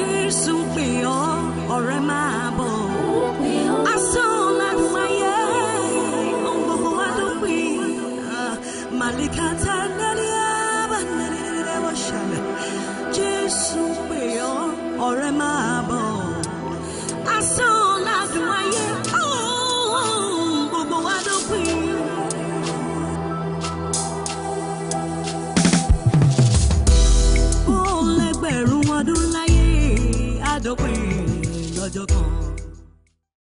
Jésù pè ọ́ ọ̀rẹ́ máa bọ̀. Asán lágbàáyé ohun gbogbo wa ló pè é. Màlíkàtà lẹ́ni àbá dópin lọ́jọ́ kan.